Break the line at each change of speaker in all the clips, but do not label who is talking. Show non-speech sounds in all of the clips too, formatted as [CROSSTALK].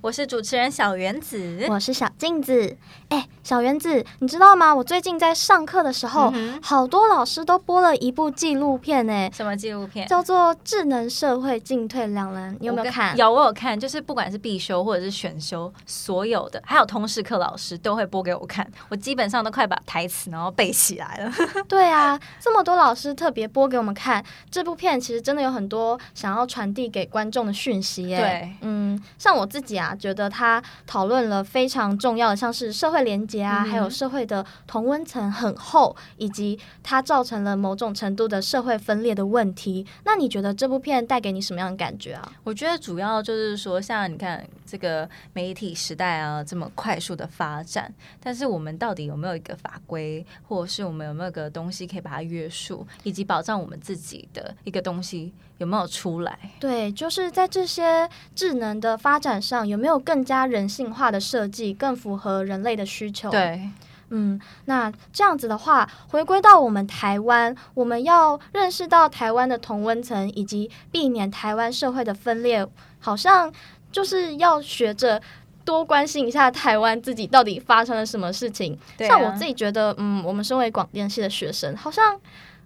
我是主持人小緣子，我
是小靜子。哎、欸，小緣子，你知道嗎？我最近在上課的時候、嗯，好多老師都播了一部紀錄片呢、欸。什麼紀錄片？叫做《智能社會進退兩難》。你有沒有看？有，
我有看。就是不管是必修或者是選修，所有的還有通識課老師都會播給我看。我基本上都快把台詞然後背起來了。
[LAUGHS] 對啊，這麼多老師特別播給我們看這部片，其實真的有很多想要傳遞給觀眾的訊息、欸。哎，嗯，像我自己啊。覺得他討論了非常重要的，像是社會連結啊、嗯，還有社會的同溫層很厚，以及它造成了某種程度的社會分裂的問題。那你覺得這部片帶給你什麼樣的感覺啊？
我覺得主要就是說，像你看這個媒體時代啊，這麼快速的發展，但是我們到底有沒有一個法規，或者是我們有沒有個東西可以把它約束，以及保障我們自己的一個東西？有沒有出來？
對，就是在這些智能的發展上，有沒有更加人性化的設計，更符合人類的需求？對，嗯，那這樣子的話，回歸到我們台灣，我們要認識到台灣的同溫層，以及避免台灣社會的分裂，好像就是要學着多關心一下台灣自己到底發生了什麼事情。對啊。像我自己覺得，嗯，我們身為廣電系的學生，好像，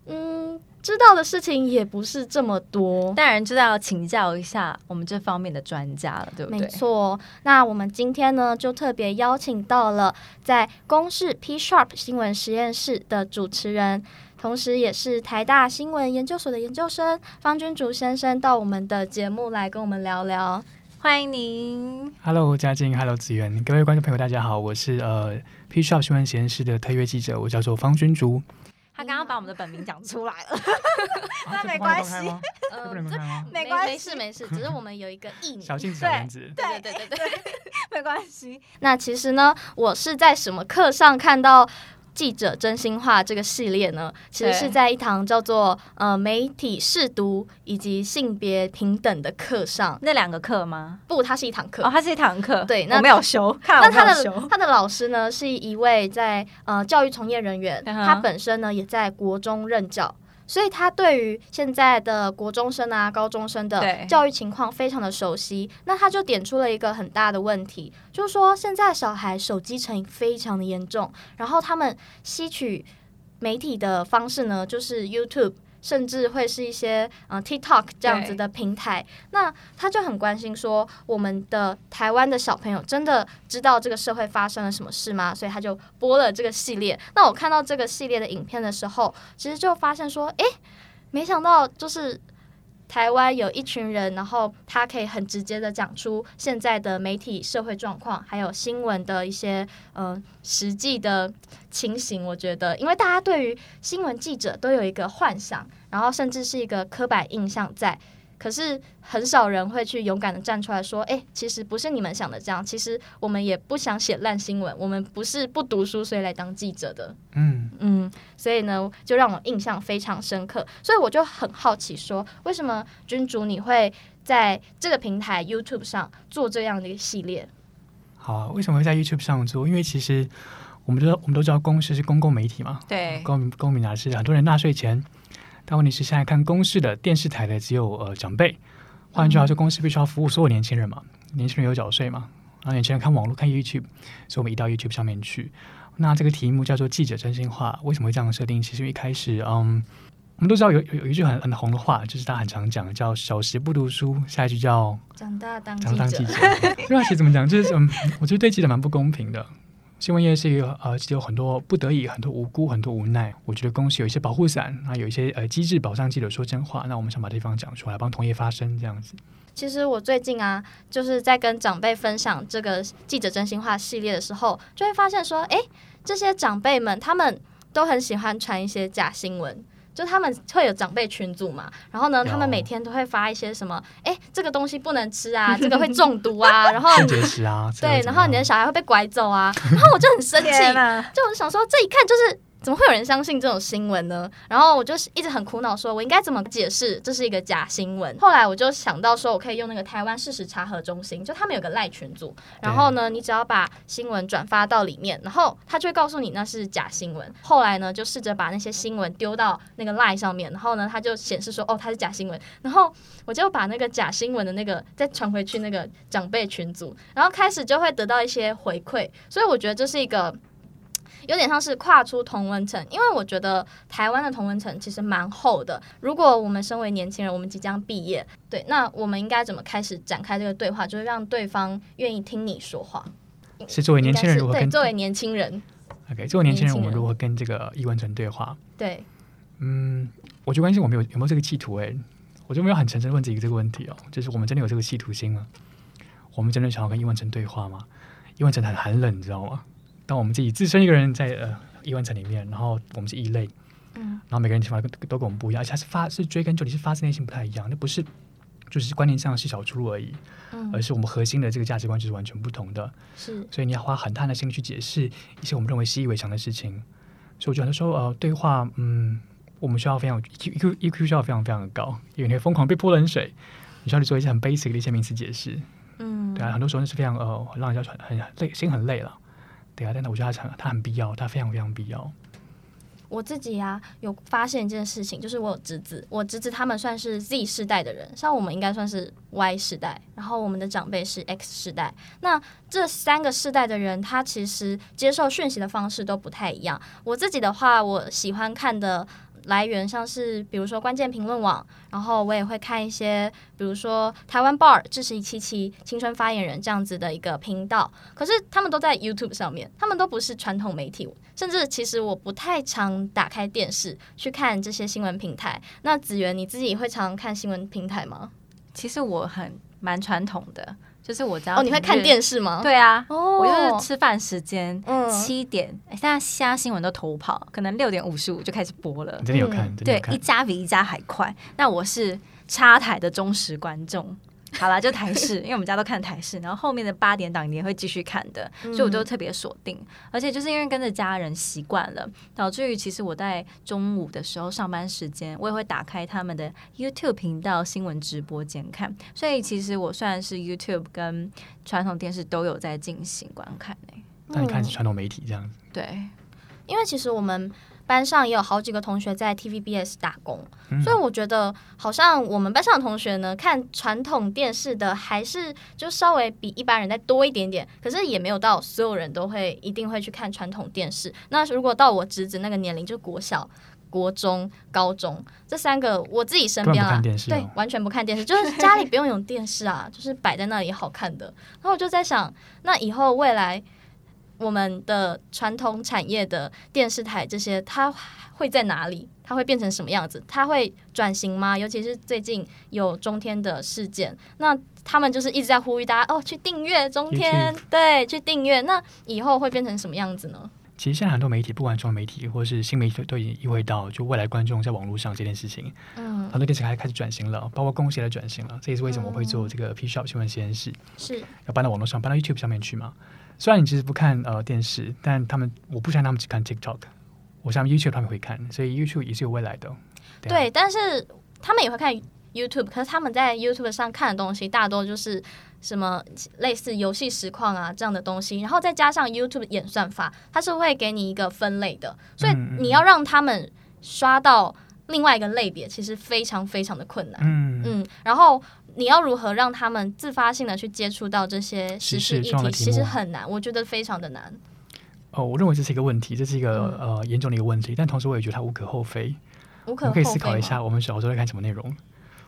嗯。知道的事情也不是這麼多，當然知道要請教一下我們這方面的專家了，對不對？沒錯。那我們今天呢，就特別邀請到了在公視 P Sharp 新聞實驗室的主持人，同時也是台大新聞研究所的研究生方君竹先生，到我們的節目來跟我們聊聊。歡迎您
，Hello 家靜，Hello 紫源，各位觀眾朋友，大家好，我是呃、uh, P Sharp 新聞實驗室的特約記者，我叫做方君竹。
他剛剛把我們的本名講出來
了，那、啊、沒、 [LAUGHS] 啊、 [LAUGHS] 關係， [LAUGHS] 呃，這 [LAUGHS] 沒關係，沒事沒事， [LAUGHS] 只是我們有一個藝名，對對對對對，對對對對 [LAUGHS] 沒關係。那其實呢，我是在什麼課上看到？記者真心話這個系列呢，其實是在一堂叫做“呃媒體識讀”以及“性別平等”的課上，那兩個課嗎？不，它是一堂課。哦，它是一堂課。對那，我沒有修。看我修，那他的他的老師呢，是一位在呃教育從業人員， [LAUGHS] 他本身呢也在國中任教。所以他對於現在的國中生啊、高中生的教育情況非常的熟悉，那他就點出了一個很大的問題，就是說現在小孩手機成癮非常的嚴重，然後他們吸取媒體的方式呢，就是 YouTube。甚至會是一些嗯、uh, TikTok 這樣子的平台，那他就很關心說，我們的台灣的小朋友真的知道這個社會發生了什麼事嗎？所以他就播了這個系列。那我看到這個系列的影片的時候，其實就發現說，哎、欸，沒想到就是。台灣有一群人，然後他可以很直接的講出現在的媒體社會狀況，還有新聞的一些嗯、呃、實際的情形。我覺得，因為大家對於新聞記者都有一個幻想，然後甚至是一個刻板印象在。可是很少人會去勇敢的站出來說，哎、欸，其實不是你們想的這樣，其實我們也不想寫爛新聞，我們不是不讀書，所以來當記者的。嗯嗯，所以呢，就讓我印象非常深刻。所以我就很好奇說，說為什麼君竹你會在這個平台 YouTube 上做這樣的一個系列？
好、啊，為什麼會在 YouTube 上做？因為其實我們知道，我們都知道，公視是公共媒體嘛，對，公民公民拿、啊、是、啊、很多人納稅錢。但問題是，現在看公視的電視台的只有呃長輩。
換句話說，
公視必須要服務所有年輕人嘛？嗯、年輕人有繳稅嘛？然後年輕人看網絡，看 YouTube，所以我們移到 YouTube 上面去。那這個題目叫做記者真心話，為什麼會這樣設定？其實一開始，嗯，我們都知道有有，有一句很很紅的話，就是他很常講，叫“小時不讀書”，下一句叫“
長大當”。當當記
者，那其實怎麼講？就是嗯，我覺得對記者蠻不公平的。新聞業是一個呃，有很多不得已、很多無辜、很多無奈。我覺得公司有一些保護傘，那、啊、有一些呃機制保障記者說真話。那我們想把對方講出來，幫同業發聲這樣子。
其實我最近啊，就是在跟長輩分享這個記者真心話系列的時候，就會發現說，哎、欸，這些長輩們他們都很喜歡傳一些假新聞。就他們會有長輩群組嘛，然後呢，yeah. 他們每天都會發一些什麼，哎、欸，這個東西不能吃啊， [LAUGHS] 這個會中毒啊，然後結石啊， [LAUGHS] 對，然後你的小孩會被拐走啊， [LAUGHS] 然後我就很生氣，就我想說，這一看就是。怎麼會有人相信這種新聞呢？然後我就是一直很苦惱，說我應該怎麼解釋這是一個假新聞。後來我就想到，說我可以用那個台灣事實查核中心，就他們有個 LINE 群組，然後呢，你只要把新聞轉發到裡面，然後他就會告訴你那是假新聞。後來呢，就試着把那些新聞丟到那個 LINE 上面，然後呢，他就顯示說哦，它是假新聞。然後我就把那個假新聞的那個再傳回去那個長輩群組，然後開始就會得到一些回饋。所以我覺得這是一個。有點像是跨出同溫層，因為我覺得台灣的同溫層其實蠻厚的。如果我們身為年輕人，我們即將畢業，對，那我們應該怎麼開始展開這個對話，就是讓對方願意聽你說話？是，
作為，是作為年輕人，我、okay, 跟作為年輕人，OK，作為年輕人，我們如何跟這個異溫層對話？對，嗯，我就關心我們有有沒有這個企圖、欸？哎，我就沒有很誠實地問自己這個問題哦？就是我們真的有這個企圖心嗎？我們真的想要跟異溫層對話嗎？異溫層很寒冷，你知道嗎？當我們自己自身一個人在呃異溫層裡面，然後我們是異類，嗯，然後每個人情況都跟我們不一樣，而且是發是追根究底是發自內心不太一樣，那不是就是觀念上是小出入而已，嗯，而是我們核心的這個價值觀就是完全不同的，是，所以你要花很大的心力去解釋一些我們認為習以為常的事情，所以我覺得說呃對話，嗯，我們需要非常有 E Q E Q 需要非常非常的高，因為你會瘋狂被潑冷水，你需要去做一些很 basic 的一些名詞解釋，嗯，對啊，很多時候那是非常呃讓人家很累，心很累了。對啊，但是我覺得他很他很必要，他非常非常必要。
我自己呀、啊，有發現一件事情，就是我有侄子，我侄子他們算是 Z 世代的人，像我們應該算是 Y 世代，然後我們的長輩是 X 世代。那這三個世代的人，他其實接受訊息的方式都不太一樣。我自己的話，我喜歡看的，來源像是比如說關鍵評論網，然後我也會看一些比如說台灣報、支持一期期青春發言人這樣子的一個頻道。可是他們都在 YouTube 上面，他們都不是傳統媒體，甚至其實我不太常打開電視去看這些新聞平台。那子源你自己會常看新聞平台嗎？其實我很蠻傳統的。就是我家哦，你會看電視嗎？對啊，
哦、我就是吃飯時間七點，現在蝦新聞都偷跑，可能六點五十五就開始播了。你真的有看？嗯、對看，一家比一家還快。那我是插台的忠實觀眾。 [LAUGHS] 好啦，就台視。因為我們家都看台視，然後後面的八點檔也會繼續看的、嗯，所以我都特別鎖定，而且就是因為跟着家人習慣了，導致於其實我在中午的時候上班時間，我也會打開他們的 YouTube 頻道新聞直播間看，所以其實我算是 YouTube 跟
傳統電視都有在進行觀看呢、欸。那你看
傳統媒體這樣
子，對，因為其實我們。班上也有好幾個同學在 TVBS 打工，嗯，所以我覺得好像我們班上的同學呢，看傳統電視的還是就稍微比一般人再多一點點，可是也沒有到所有人都會一定會去看傳統電視。那如果到我侄子那個年齡，就國小、國中、高中這三個，我自己身邊啊，對，完全不看電視， [LAUGHS] 就是家裡不用有電視啊，就是擺在那裡好看的。然後我就在想，那以後未來。我們的傳統產業的電視台這些，它會在哪裡？它會變成什麼樣子？它會轉型嗎？尤其是最近有中天的事件，那他們就是一直在呼籲大家哦，去訂閱中天，YouTube。對，去訂閱。那以後會變成什麼樣子呢？
其實現在很多媒體，不管傳統媒體或是新媒體，都已經意會到就未來觀眾在網絡上這件事情。嗯，很多電視台開始轉型了，包括公視也在轉型了。這也是為什麼我會做這個公視新聞實驗室，是、嗯、要搬到網絡上，搬到 YouTube 上面去嗎？雖然你其實不看呃電視，但他們我不相信他們只看 TikTok，我相信 YouTube 他們會看，所以 YouTube 也是有未來的對啊。
對，但是他們也會看 YouTube，可是他們在 YouTube 上看的東西大多就是什麼類似遊戲實況啊這樣的東西，然後再加上 YouTube 演算法，它是會給你一個分類的，所以你要讓他們刷到另外一個類別，其實非常非常的困難。嗯嗯，然後。你要如何讓他們自發性的去接觸到這些時事議題？其實很難實，我覺得非常的難。
哦，我認為這是一個問題，這是一個、嗯、呃嚴重的一個問題。但同時，我也覺得它無可厚非。
厚非我們可以思考一下，
我們小時候在看什麼內容。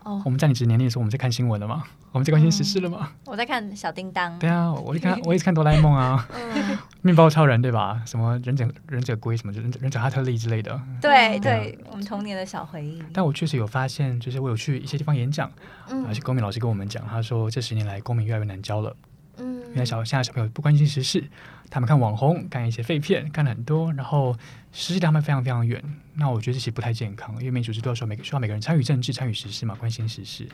哦、oh.，我們在你這年齡的時候，我們在看新聞的嘛？我們在關心時事的嘛？
我在看小叮噹。對
啊，我一看，我一直看哆啦 A 夢啊， [LAUGHS] [LAUGHS] 麵包超人對吧？什麼忍者忍者龜什麼忍者忍者哈特利之類的。對，對、
啊、對，我們童年的小回憶。但
我確實有發現，就是我有去一些地方演講，而、嗯、且、啊、公民老師跟我們講，他說這十年來公民越來越難教了。嗯，原來小現在小朋友不關心時事，他們看網紅，幹一些廢片，幹了很多，然後時事離他們非常非常遠。那我覺得這些不太健康，因為民主制度要說每個需要每個人參與政治，參與時事嘛，關心時事。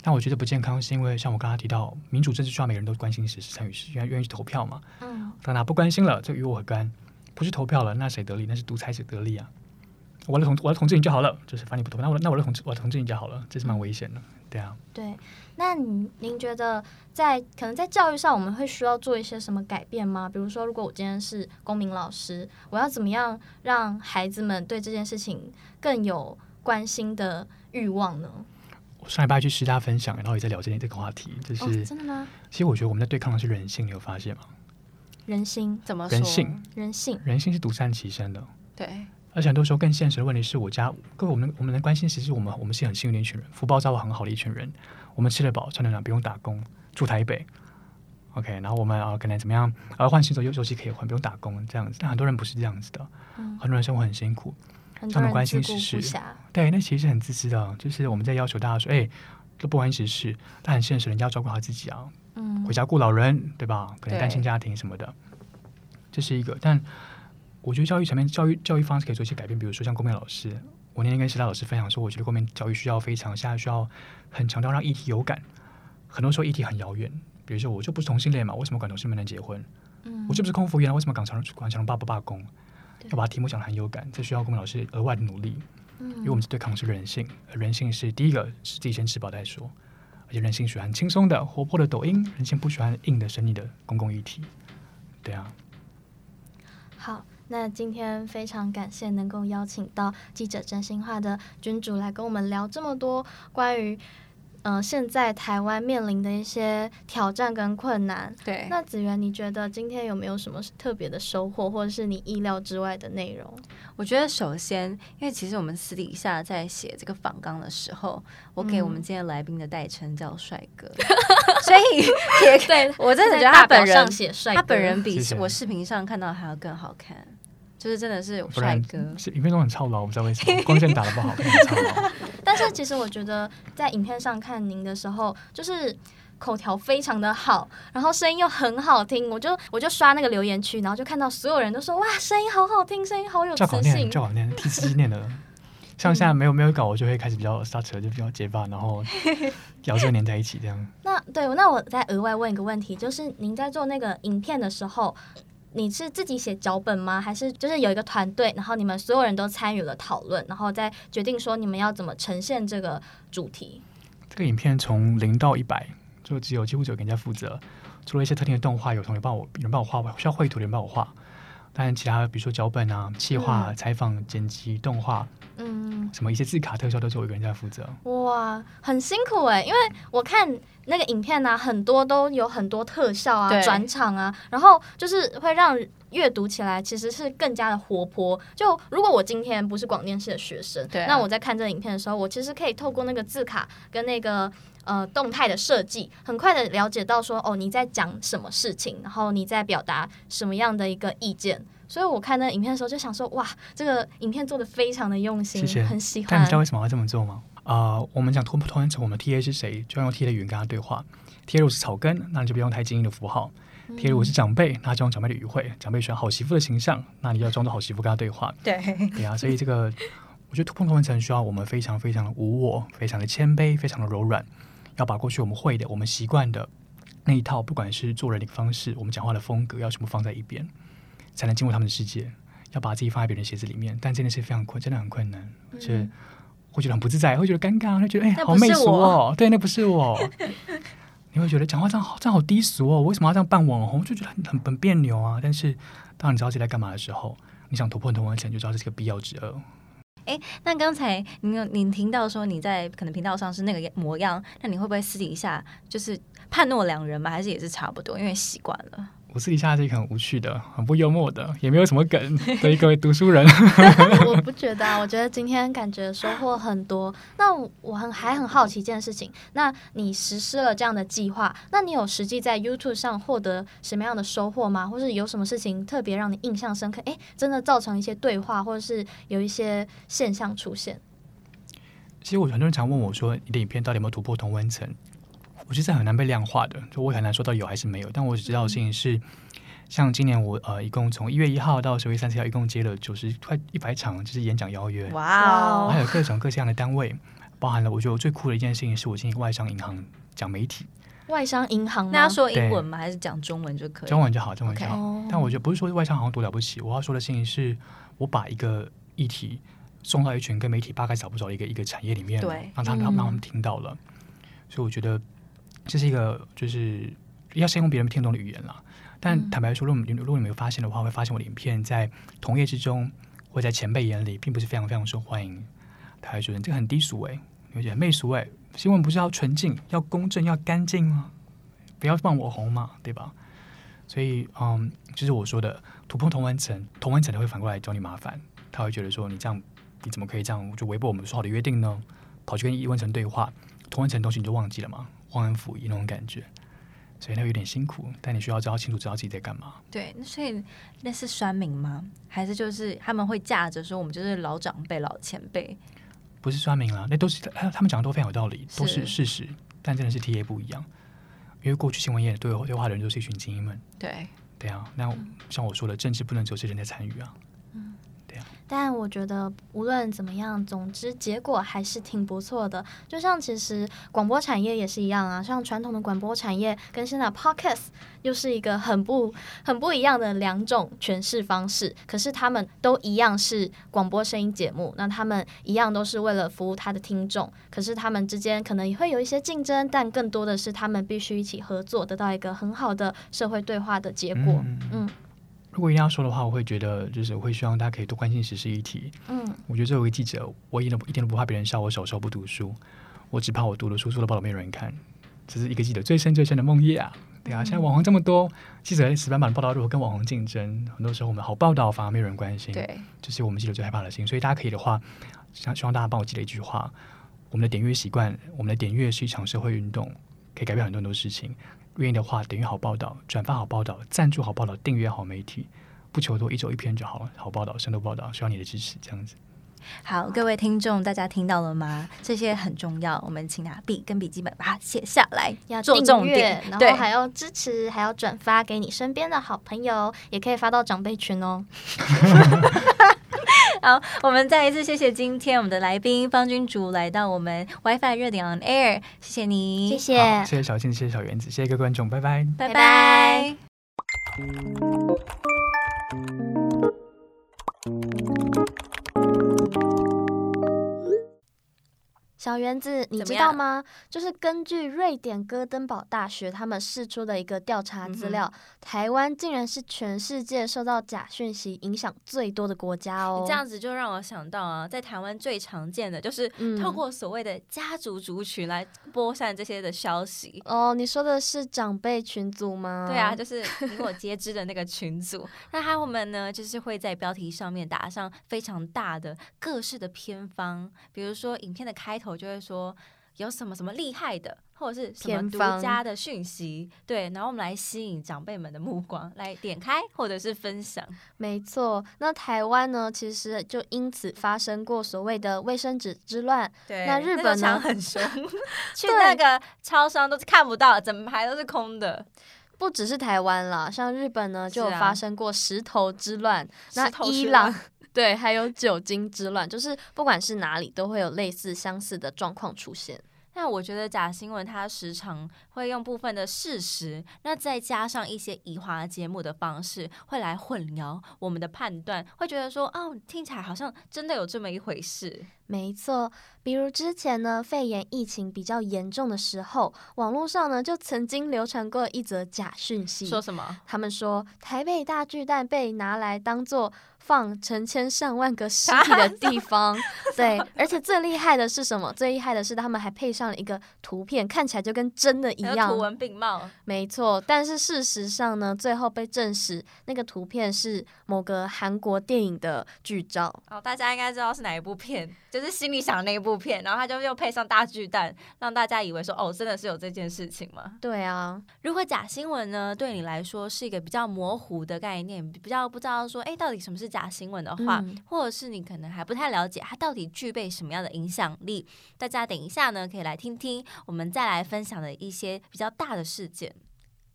但我覺得不健康是因為像我剛剛提到，民主政治需要每個人都關心時事，參與時事願願意去投票嘛。嗯，當然不關心了，這個、與我何干？不去投票了，那誰得利？那是獨裁者得利啊。我來統我來統治你就好了，就是反正你不懂。那我那我來統治我來統治你就好了，這是蠻危險的，對啊。
對，那您您覺得在可能在教育上我們會需要做一些什麼改變嗎？比如說，如果我今天是公民老師，我要怎麼樣讓孩子們對這件事情更有關心的慾望呢？
我上禮拜去師大分享，然後也在聊這件這個話題，就是、哦、真的嗎？其實我覺得我們在對抗的是人性，你有發現嗎？
人心，怎麼說？人性，人性？
人性是獨善其身的，對。而且很多時候更現實的問題是我家各位，我們我們能關心時事，其實我們我們是很幸運的一群人，福報照顧很好的一群人，我們吃得飽穿得暖，不用打工住台北，OK，然後我們啊、呃、可能怎麼樣，而換工作，又尤其可以換不用打工這樣子，但很多人不是這樣子的，很多人生活很辛苦，他、嗯、們關心時事，對，那其實是很自私的，就是我們在要求大家說，哎、欸，都不關心時事，但很現實，人家要照顧好自己啊，嗯，回家顧老人對吧？可能單親家庭什麼的，這是一個，但。我覺得教育層面，教育教育方式可以做一些改變。比如說像公民老師，我那天跟其他老師分享說，我覺得公民教育需要非常現在需要很強調讓議題有感。很多時候議題很遙遠，比如說我就不是同性戀嘛，為什麼管同性戀不能結婚？嗯，我是不是空服員？為什麼管長管長榮罷不罷工？要把題目講得很有感，這需要公民老師額外的努力。嗯，因為我們對抗的是人性，而人性是第一個是自己先吃飽再說，而且人性喜歡輕鬆的活潑的抖音，人性不喜歡硬的、神秘的公共議題。對啊，
好。那今天非常感謝能夠邀請到記者真心話的君竹來跟我們聊這麼多關於呃現在台灣面臨的一些挑戰跟困難。對。那子緣，你覺得今天有沒有什麼特別的收穫，或者是你意料之外的內容？我覺得首先，因為其實我們私底下在寫這個訪綱
的時候，我給我們今天來賓的代稱叫帥哥、嗯，所以也 [LAUGHS] 我真的覺得他本人寫帥，他本人比我視頻上看到還要更好看。謝謝
就是真的是帥哥，
是影片中很操勞。我不知道為什麼光線打得不好，
[LAUGHS] 但是其實我覺得在影片上看您的時候，就是口條非常的好，然後聲音又很好聽，我就我就刷那個留言區，然後就看到所有人都說哇，聲音好好聽，聲音好有磁性。就好
像，聽自己念的。像現在 [LAUGHS] 沒有沒有稿，我就會開始比較剎車，就比較結巴，然後咬就黏在一起這樣。
[LAUGHS] 那對，那我再額外問一個問題，就是您在做那個影片的時候。你是自己寫腳本嗎？還是就是有一個團隊，然後你們所有人都參與了討論，然後再決定說你們要怎麼呈現這個主題？
這個影片從零到一百，就只有幾乎只有給人家負責，除了一些特定的動畫，有同學幫我，有人幫我畫，我需要繪圖的人幫我畫。但其他比如說腳本啊、企劃、採訪、剪輯、動畫。嗯嗯，什麼一些字卡特效都是我一個人在負責。
哇，很辛苦哎，欸！因為我看那個影片呢，啊，很多都有很多特效啊、轉場啊，然後就是會讓閱讀起來其實是更加的活潑。就如果我今天不是廣電系的學生對，啊，那我在看這影片的時候，我其實可以透過那個字卡跟那個呃動態的設計，很快的了解到說哦，你在講什麼事情，然後你在表達什麼樣的一個意見。所以我看那影片的時候就想說，哇，這個影片做得非常的用心，很喜歡。但你知道為
什麼要這麼做嗎？啊，我們講突破同溫層，我們 T A 是誰？就用 T A 的語言跟他對話。T A 如果是草根，那你就不用太精英的符號；T A 如果是長輩，那就用長輩的語彙。長輩選好媳婦的形象，那你就要裝作好媳婦跟他對話。對，對啊。所以這個，我覺得突破同溫層需要我們非常非常的無我，非常的謙卑，非常的柔軟，要把過去我們會的、我們習慣的那一套，不管是做人的方式、我們講話的風格，要全部放在一邊，才能進入他們的世界，要把自己放在別人的鞋子裡面，但真的是非常困，真的很困難，而、嗯、且、就是、會覺得很不自在，會覺得尷尬，會覺得哎、欸，好媚俗哦！對，那不是我， [LAUGHS] 你會覺得講話這樣好，這樣好低俗哦！我為什麼要這樣扮網紅？就覺得很很別扭啊。但是當你知道自己在幹嘛的時候，你想突破很多關卡，你就知道這是個必要之惡。
哎、欸，那剛才你有你聽到說你在可能頻道上是那個模樣，那你會不會私底下就是判若兩人嘛？還是也是
差不多？因為習慣了。
我私底下是一個很無趣的、很不幽默的，也沒有什麼梗，所以 [LAUGHS] 各位讀書人。 [LAUGHS] [LAUGHS] 我
不覺得啊，我覺得今天感覺收穫很多。那我很還很好奇一件事情，那你實施了這樣的計劃，那你有實際在 YouTube 上獲得什麼樣的收穫嗎？或是有什麼事情特別讓你印象深刻？誒，真的造成一些對話，或者是有一些現象出現。
其實我很多人常問我說，你的影片到底有沒有突破同溫層？我覺得這很難被量化的，就我也很難說到有還是沒有，但我只知道的事情是，嗯、像今年我呃，一共從一月一號到十月三十號，一共接了九十快一百場，就是演講邀約。哇、wow！還有各種各樣的單位，包含了我覺得我最酷的一件事情，是我進外商銀行講媒體。
外商銀行那說英文嗎？還是講中文就可以？中文就
好，中文就好。Okay. 但我覺得不是說外商銀行多了不起，我要說的事情是我把一個議題送到一群跟媒體八竿找不着的一個一個產業裡面，讓他們、嗯、讓他們聽到了，所以我覺得。這是一個就是要先用別人聽懂的語言啦。
但坦
白說，如果如果你沒有發現的話，會發現我的影片在同業之中，或者在前輩眼裡並不是非常非常受歡迎。他會覺得這個很低俗誒、欸，有點媚俗誒、欸，新聞不是要純淨、要公正、要乾淨嗎？不要放我紅嘛，對吧？所以，嗯，就是我說的突破同溫層，同溫層的會反過來找你麻煩。他會覺得說，你這樣你怎麼可以這樣就違背我們說好的約定呢？跑去跟異溫層對話，同溫層的東西你就忘記了嗎？忘恩負義那種感覺，所以那有點辛苦，但你需要知道清楚，知道自己在幹嘛。
對，所以那是酸民嗎？還是就是他們會架着說我們就是老長輩、老前輩？
不是酸民啊，那都是他們講的都非常有道理，都是事實，但真的是 TA 不一樣，因為過去新聞業對對話的人都是一群精英們。對對啊，那像我說的，政治不能只有這些人在參與啊。
但我覺得無論怎麼樣，總之結果還是挺不錯的。就像其實廣播產業也是一樣啊，像傳統的廣播產業跟現在 podcast 又是一個很不很不一樣的兩種詮釋方式。可是他們都一樣是廣播聲音節目，那他們一樣都是為了服務他的聽眾。可是他們之間可能也會有一些競爭，但更多的是他們必須一起合作，得到一個很好的社會對話的結果。嗯，嗯，嗯。嗯。
如果一定要說的話，我會覺得就是我會希望大家可以多關心時事議題。嗯，我覺得作為記者，我一點一點都不怕別人笑我小時候不讀書，我只怕我讀了書、書都報道沒有人看，這是一個記者最深、最深的夢魘啊！對啊，現在網紅這麼多，記者死板板的報道如果跟網紅競爭，很多時候我們好報道反而沒有人關心。對，就是我們記者最害怕的事情。所以大家可以的話，想希望大家幫我記得一句話：我們的點閱習慣，我們的點閱是一場社會運動，可以改變很多很多事情。願意的話，等於好報道，轉發好報道，贊助好報道，訂閱好媒體，不求多，一周一篇就好了。好報道，深度報道，需要你的支持，這樣子。
好，各位聽眾，大家聽到了嗎？這些很重要，我們請拿筆跟筆記本把它寫下來，要做訂閱，然後還
要支持，還要轉發給你身邊的好朋友，也可以發到長輩群哦。 [LAUGHS] [LAUGHS] 好，我們再一次謝謝今天我們的來賓方君竹來到我們
WiFi 熱點 On Air，謝謝你，謝謝，
謝謝小靜，謝謝小緣子，子，謝謝各位觀眾，拜拜，
拜拜。Bye bye
小緣子，你知道嗎？就是根據瑞典哥登堡大學他們釋出的一個調查資料，嗯、台灣竟然是全世界受到假訊息影響最多的國家哦。你這樣子
就讓我想到啊，在台灣最常見的就是透過所謂的家族族群來播散這些的消息。哦、
嗯，oh, 你說的是長輩群組嗎？對啊，就是你我
皆知的那個群組。 [LAUGHS] 那他們呢，就是會在標題上面打上非常大的各式的偏方，比如說影片的開頭。就會說有什麼什麼厲害的，或者是什麼獨家的訊息，對，然後我們來吸引長輩們的目光，來點開或者是分享。
沒錯，那台灣呢，其實就因此發生過所謂的衛生紙之亂。對，那日本呢就很凶，
[LAUGHS] 去那個超商都看不到，整排都是空的。
不只是台灣了，像日本呢，就發生過石頭之亂。是啊、那伊朗。對，還有酒精之亂，就是不管是哪裡都會有類似相似的狀況出現。
那我覺得假新聞它時常會用部分的事實，那再加上一些移花接木的方式，會來混淆我們的判斷，會覺得說哦，聽起來好像真的有這麼一回事。
沒錯，比如之前呢，肺炎疫情比較嚴重的時候，網絡上呢就曾經流傳過一則假訊息，說什麼？他們說臺北大巨蛋被拿來當做。放成千上萬個屍體的地方，啊、對，而且最厲害的是什麼？最厲害的是他們還配上了一個圖片，看起來就跟真的一樣，圖文並茂。沒錯，但是事實上呢，最後被證實那個圖片是某個韓國電影的劇照。
哦，大家應該知道是哪一部片，就是心裡想的那一部片，然後他就又配上大巨蛋，讓大家以為說哦，真的是有這件事情嗎？
對啊，
如果假新聞呢，對你來說是一個比較模糊的概念，比較不知道說，哎、欸，到底什麼是假？大新聞的話，或者是你可能還不太了解，它到底具備什麼樣的影響力。大家等一下呢，可以來聽聽我們再來分享的一些比較大的事件，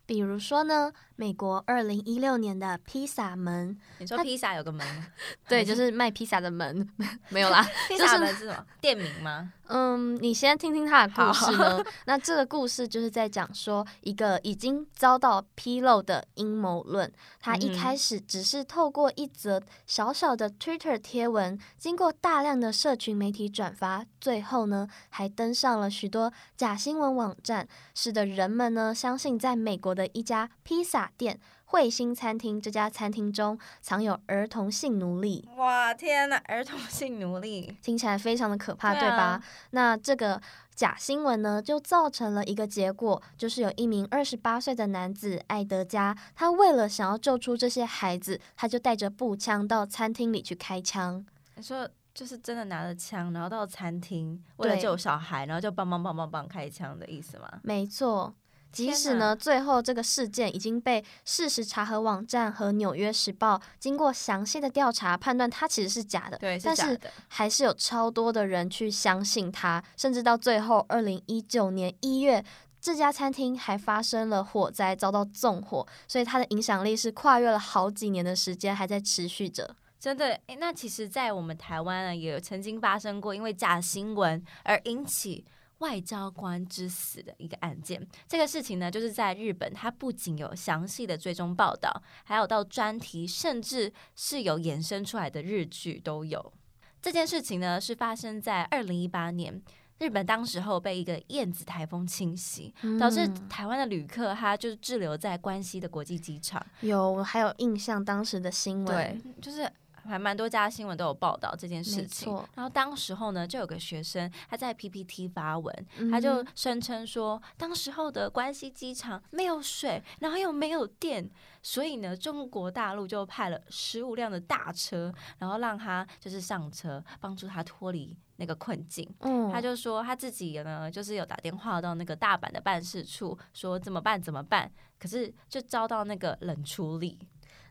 比如
說呢。美國二零一六年的披薩門，
你說披薩有個門嗎？ [LAUGHS] 對，就是
賣披薩的門， [LAUGHS] 沒
有啦。披薩門是什麼？店名嗎？
嗯，你先聽聽他的故事呢。那這個故事就是在講說一個已經遭到披露的陰謀論。他一開始只是透過一則小小的 Twitter 貼文，經過大量的社群媒體轉發，最後呢還登上了許多假新聞網站，使得人們呢相信，在美國的一家披薩。店彗星餐廳，這家餐廳中藏有兒童性奴隸。哇天哪，兒童性奴隸聽起來非常的可怕對、啊，對吧？那這個假新聞呢，就造成了一個結果，就是有一名二十八歲的男子艾德加，他為了想要救出這些孩子，他就帶着步槍到餐廳裡去開槍。
你說就是真的拿着槍，然後到餐廳為了救小孩，然後就砰砰砰砰開槍的意思嗎？
沒錯。即使呢，最後這個事件已經被事實查核網站和《紐約時報》經過詳細的調查，判斷它其實是假的。對，是假的。但是還是有超多的人去相信它，甚至到最後，二零一九年一月，這家餐廳還發生了火災，遭到縱火。所以它的影響力是跨越了好幾年的時間，還在持續着。
真的，誒、欸，那其實，在我們台灣啊，也有曾經發生過因為假新聞而引起。外交官之死的一個案件，這個事情呢，就是在日本，它不僅有詳細的追蹤報道，還有到專題，甚至是有衍生出來的日劇都有。這件事情呢，是發生在二零一八年，日本當時候被一個燕子颱風侵襲，嗯、導致台灣的旅客他就是滯留在關西的國際機場。
有，我還有印象當時的新聞，就是。還
蠻多家新聞都有報道這件事情。沒錯。然後當時候呢，就有個學生他在 PPT 發文、嗯，他就聲稱說，當時候的關西機場沒有水，然後又沒有電，所以呢，中國大陸就派了十五輛的大車，然後讓他就是上車，幫助他脫離那個困境。嗯、他就說他自己呢，就是有打電話到那個大阪的辦事處，說怎麼辦怎麼辦，可是
就遭到那個冷處理。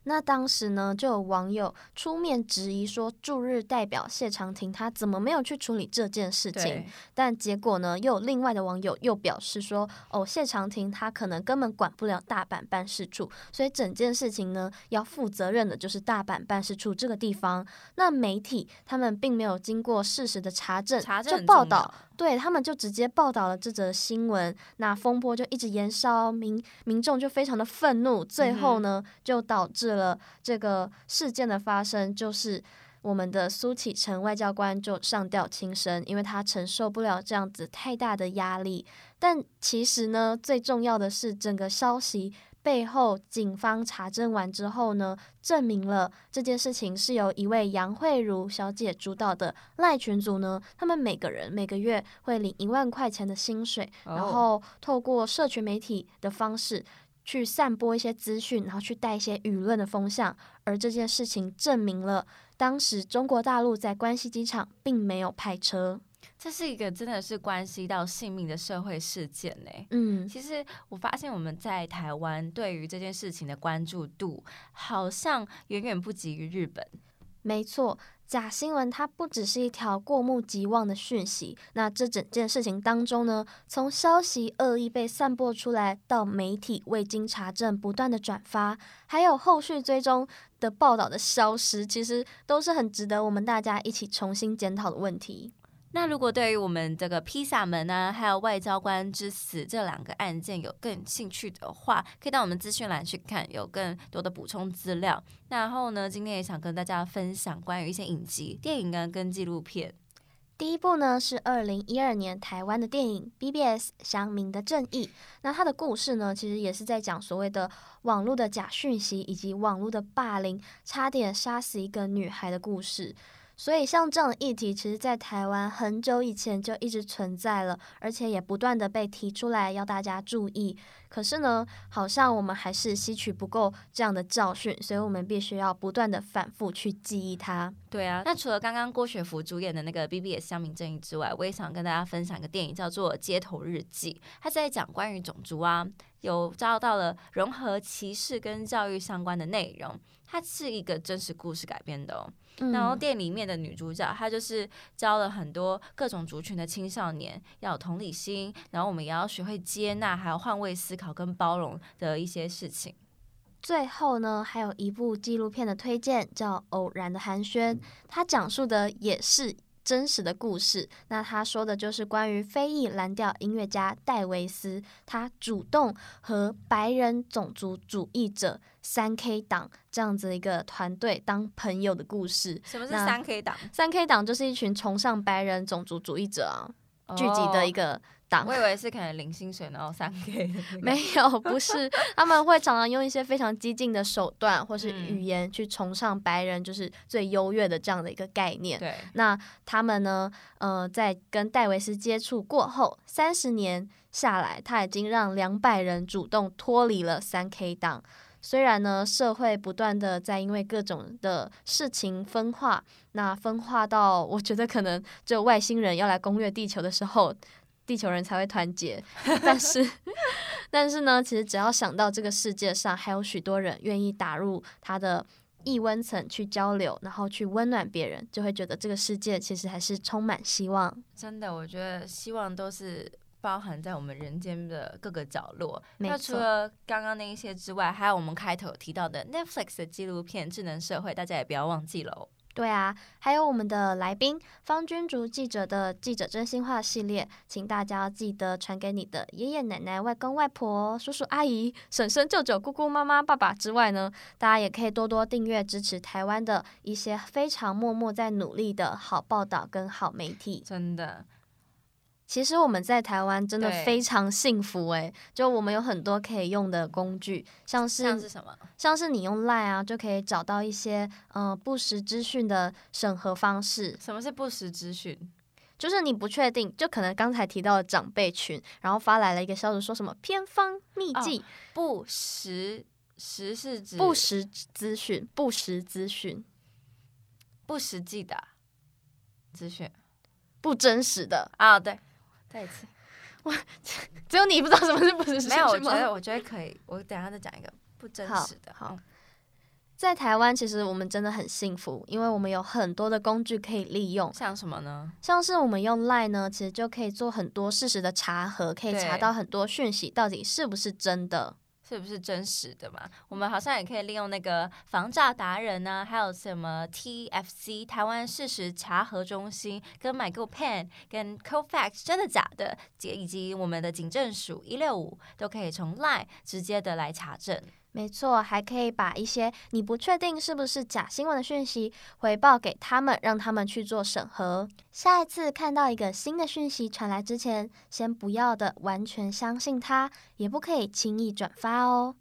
那當時呢，就有網友出面質疑說，駐日代表謝長廷他怎麼沒有去處理這件事情？但結果呢，又有另外的網友又表示說，哦，謝長廷他可能根本管不了大阪辦事處，所以整件事情呢，要負責任的就是大阪辦事處這個地方。那媒體他們並沒有經過事實的查證，查證就報道。對，他們就直接報道了這則新聞，那風波就一直延燒，民民眾就非常的憤怒，最後呢、嗯、就導致了這個事件的發生，就是我們的蘇啟誠外交官就上吊輕生，因為他承受不了這樣子太大的壓力。但其實呢，最重要的是整個消息，背後，警方查證完之後呢，證明了這件事情是由一位楊蕙如小姐主導的賴群組呢。他們每個人每個月會領一萬塊錢的薪水，Oh. 然後透過社群媒體的方式去散播一些資訊，然後去帶一些輿論的風向。而這件事情證明了，當時中國大陸在關西機場並沒有派車。
這是一個真的是關係到性命的社會事件呢。嗯，其實我發現我們在台灣對於這件事情的關注度，好像遠遠不及於日本。
沒錯，假新聞它不只是一條過目即忘的訊息。那這整件事情當中呢，從消息惡意被散播出來到媒體未經查證不斷地轉發，還有後續追蹤的報道的消失，其實都是很值得我們大家一起重新檢討的問題。
那如果對於我們這個披薩門啊，還有外交官之死這兩個案件有更興趣的話，可以到我們資訊欄去看有更多的補充資料。那然後呢，今天也想跟大家分享
關於一些影集、電影呢、啊、跟紀錄片。第一部呢是二零一二年台灣的電影《BBS 鄉民的正義》，那它的故事呢，其實也是在講所謂的網絡的假訊息以及網絡的霸凌，差點殺死一個女孩的故事。所以像這樣的議題，其實，在台灣很久以前就一直存在了，而且也不斷的被提出來要大家注意。可是呢，好像我們還是吸取不夠這樣的教訓，所以我們必須要不斷的反復去記憶它。
對啊，那除了剛剛郭雪芙主演的那個 BBS《鄉民正義》之外，我也想跟大家分享一個電影，叫做《街頭日記》，它在講關於種族啊，有遭到了融合歧視跟教育相關的內容，它是一個真實故事改編的哦。然後店裡面的女主角，嗯，她就是教了很多各種族群的青少年要有同理心，然後我們也要學會接納，還有換位思考跟包容的一些事情。
最後呢，還有一部紀錄片的推薦，叫《偶然的寒暄》，它講述的也是。真實的故事，那他說的就是關於非裔藍調音樂家戴維斯，他主動和白人種族主義者三 K 黨這樣子一個團隊當朋友的故事。什麼是三 K 黨？三 K 黨就是一群崇尚白人種族主義者、啊 oh. 聚集的一個。我以為是可能零星選到三
K 沒有，
不是，他們會常常用一些非常激進的手段 [LAUGHS] 或是語言去崇尚白人就是最優越的這樣的一個概念。對，那他們呢？呃，在跟戴維斯接觸過後，三十年下來，他已經讓兩百人主動脫離了三 K 黨。雖然呢，社會不斷的在因為各種的事情分化，那分化到我覺得可能只有外星人要來攻略地球的時候。地球人才會團結，但是 [LAUGHS] 但是呢，其實只要想到這個世界上還有許多人願意打入他的異溫層去交流，然後去溫暖別人，就會覺得這個世界其實還是充滿希望。
真的，我覺得希望都是包含在我們人間的各個角落。那除了剛剛那一些之外，還有我們開頭提到的 Netflix 的紀錄片《智能社會》，大家也不要忘記嘍。
對啊，還有我們的來賓方君竹記者的記者真心話系列，請大家記得傳給你的爺爺奶奶、外公外婆、叔叔阿姨、嬸嬸舅舅、救救姑姑媽媽、爸爸之外呢，大家也可以多多訂閱支持台灣的一些非常默默在努力的好報道跟好媒體，真的。其實我們在台灣真的非常幸福哎，就我們有很多可以用的工具，像是像是,像是你用 LINE 啊，就可以找到一些嗯、呃、不實資訊的審核方式。什麼是不實資訊？就是你不確定，就可能剛才提到的長輩群，然後發來了一個消息，說什麼偏方秘籍、哦、不實時事、不實資訊、不實資訊、
不實際
的資訊、不
真實的啊、哦？對。再一次，我只有你不知道什麼是不真實。沒有，我覺得我
覺得可以。我等下再講一個
不真實的。
好，好嗯。在台灣其實我們真的很幸福，因為我們有很多的工具可以利用。像什麼呢？像是我們用 Line 呢，其實就可以做很多事實的查核，可以查到很多訊息到底是不是真的。
是不是真實的嘛？我們好像也可以利用那個防詐達人呢、啊，還有什麼 TFC 台灣事實查核中心、跟 MyGoPen、跟 Cofacts 真的假的？以及我們的警政署一六五，都可以從 LINE 直接的來查證。
沒錯，還可以把一些你不確定是不是假新聞的訊息回報給他們，讓他們去做審核。下一次看到一個新的訊息傳來之前，先不要的完全相信它，也不可以輕易轉發哦。